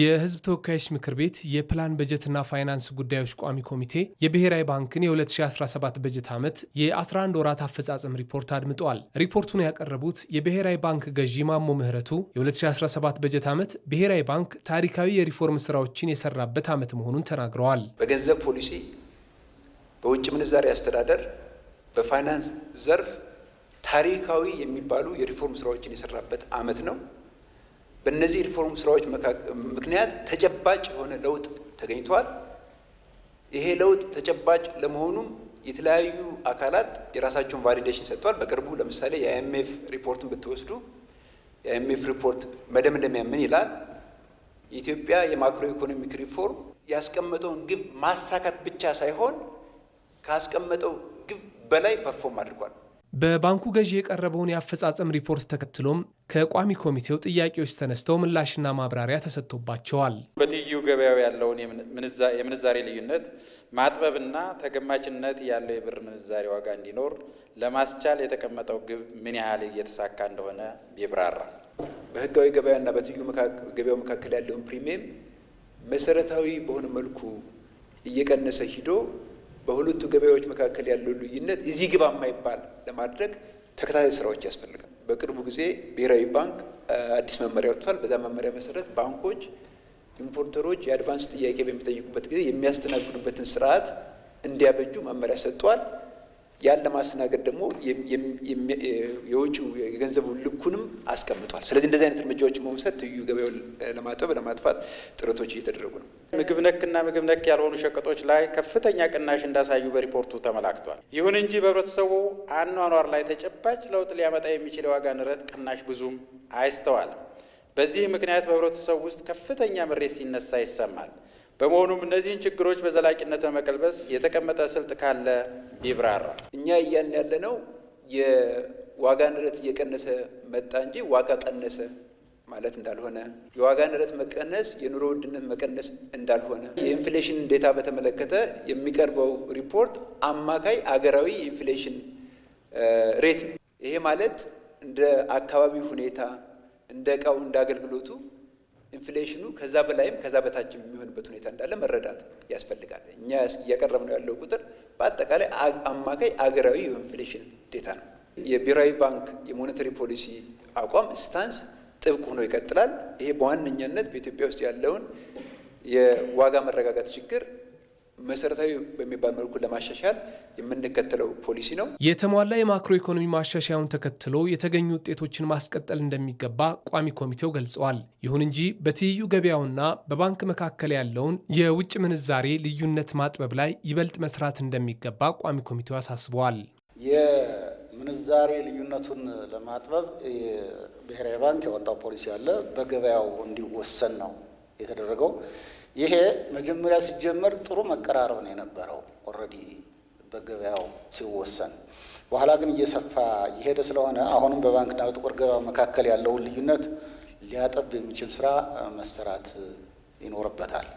የህዝብ ተወካዮች ምክር ቤት የፕላን በጀትና ፋይናንስ ጉዳዮች ቋሚ ኮሚቴ የብሔራዊ ባንክን የ2017 በጀት ዓመት የ11 ወራት አፈጻጸም ሪፖርት አድምጠዋል። ሪፖርቱን ያቀረቡት የብሔራዊ ባንክ ገዢ ማሞ ምህረቱ የ2017 በጀት ዓመት ብሔራዊ ባንክ ታሪካዊ የሪፎርም ስራዎችን የሰራበት ዓመት መሆኑን ተናግረዋል። በገንዘብ ፖሊሲ፣ በውጭ ምንዛሪ አስተዳደር፣ በፋይናንስ ዘርፍ ታሪካዊ የሚባሉ የሪፎርም ስራዎችን የሰራበት ዓመት ነው። በእነዚህ ሪፎርም ስራዎች ምክንያት ተጨባጭ የሆነ ለውጥ ተገኝቷል። ይሄ ለውጥ ተጨባጭ ለመሆኑም የተለያዩ አካላት የራሳቸውን ቫሊዴሽን ሰጥቷል። በቅርቡ ለምሳሌ የአይኤምኤፍ ሪፖርትን ብትወስዱ የአይኤምኤፍ ሪፖርት መደምደሚያ ምን ይላል? የኢትዮጵያ የማክሮ ኢኮኖሚክ ሪፎርም ያስቀመጠውን ግብ ማሳካት ብቻ ሳይሆን ካስቀመጠው ግብ በላይ ፐርፎርም አድርጓል። በባንኩ ገዢ የቀረበውን የአፈጻጸም ሪፖርት ተከትሎም ከቋሚ ኮሚቴው ጥያቄዎች ተነስተው ምላሽና ማብራሪያ ተሰጥቶባቸዋል። በትይዩ ገበያው ያለውን የምንዛሬ ልዩነት ማጥበብና ተገማችነት ያለው የብር ምንዛሬ ዋጋ እንዲኖር ለማስቻል የተቀመጠው ግብ ምን ያህል እየተሳካ እንደሆነ ቢብራራ። በህጋዊ ገበያና በትይዩ ገበያው መካከል ያለውን ፕሪሚየም መሰረታዊ በሆነ መልኩ እየቀነሰ ሂዶ በሁለቱ ገበያዎች መካከል ያለው ልዩነት እዚህ ግባ የማይባል ለማድረግ ተከታታይ ስራዎች ያስፈልጋል። በቅርቡ ጊዜ ብሔራዊ ባንክ አዲስ መመሪያ ወጥቷል። በዛ መመሪያ መሰረት ባንኮች ኢምፖርተሮች የአድቫንስ ጥያቄ በሚጠይቁበት ጊዜ የሚያስተናግዱበትን ስርዓት እንዲያበጁ መመሪያ ሰጥቷል። ያን ለማስተናገድ ደግሞ የውጭ የገንዘቡ ልኩንም አስቀምጧል። ስለዚህ እንደዚህ አይነት እርምጃዎችን በመውሰድ ትዩ ገበያውን ለማጠብ ለማጥፋት ጥረቶች እየተደረጉ ነው። ምግብ ነክና ምግብ ነክ ያልሆኑ ሸቀጦች ላይ ከፍተኛ ቅናሽ እንዳሳዩ በሪፖርቱ ተመላክቷል። ይሁን እንጂ በህብረተሰቡ አኗኗር ላይ ተጨባጭ ለውጥ ሊያመጣ የሚችል የዋጋ ንረት ቅናሽ ብዙም አይስተዋልም። በዚህ ምክንያት በህብረተሰቡ ውስጥ ከፍተኛ ምሬት ሲነሳ ይሰማል። በመሆኑም እነዚህን ችግሮች በዘላቂነት ለመቀልበስ የተቀመጠ ስልት ካለ ቢብራራ። እኛ እያልን ያለነው የዋጋ ንረት እየቀነሰ መጣ እንጂ ዋጋ ቀነሰ ማለት እንዳልሆነ፣ የዋጋ ንረት መቀነስ የኑሮ ውድነት መቀነስ እንዳልሆነ፣ የኢንፍሌሽን እንዴታ በተመለከተ የሚቀርበው ሪፖርት አማካይ አገራዊ የኢንፍሌሽን ሬት ነው። ይሄ ማለት እንደ አካባቢው ሁኔታ እንደ እቃው እንደ አገልግሎቱ ኢንፍሌሽኑ ከዛ በላይም ከዛ በታችም የሚሆንበት ሁኔታ እንዳለ መረዳት ያስፈልጋል። እኛ እያቀረብነው ያለው ቁጥር በአጠቃላይ አማካይ አገራዊ የኢንፍሌሽን ዴታ ነው። የብሔራዊ ባንክ የሞኔታሪ ፖሊሲ አቋም ስታንስ ጥብቅ ሆኖ ይቀጥላል። ይሄ በዋነኛነት በኢትዮጵያ ውስጥ ያለውን የዋጋ መረጋጋት ችግር መሰረታዊ በሚባል መልኩ ለማሻሻል የምንከተለው ፖሊሲ ነው። የተሟላ የማክሮ ኢኮኖሚ ማሻሻያውን ተከትሎ የተገኙ ውጤቶችን ማስቀጠል እንደሚገባ ቋሚ ኮሚቴው ገልጸዋል። ይሁን እንጂ በትይዩ ገበያውና በባንክ መካከል ያለውን የውጭ ምንዛሬ ልዩነት ማጥበብ ላይ ይበልጥ መስራት እንደሚገባ ቋሚ ኮሚቴው አሳስበዋል። የምንዛሬ ልዩነቱን ለማጥበብ ብሔራዊ ባንክ ያወጣው ፖሊሲ አለ። በገበያው እንዲወሰን ነው የተደረገው ይሄ መጀመሪያ ሲጀመር ጥሩ መቀራረብ ነው የነበረው ኦልሬዲ በገበያው ሲወሰን በኋላ ግን እየሰፋ እየሄደ ስለሆነ አሁንም በባንክና በጥቁር ገበያ መካከል ያለውን ልዩነት ሊያጠብ የሚችል ስራ መሰራት ይኖርበታል።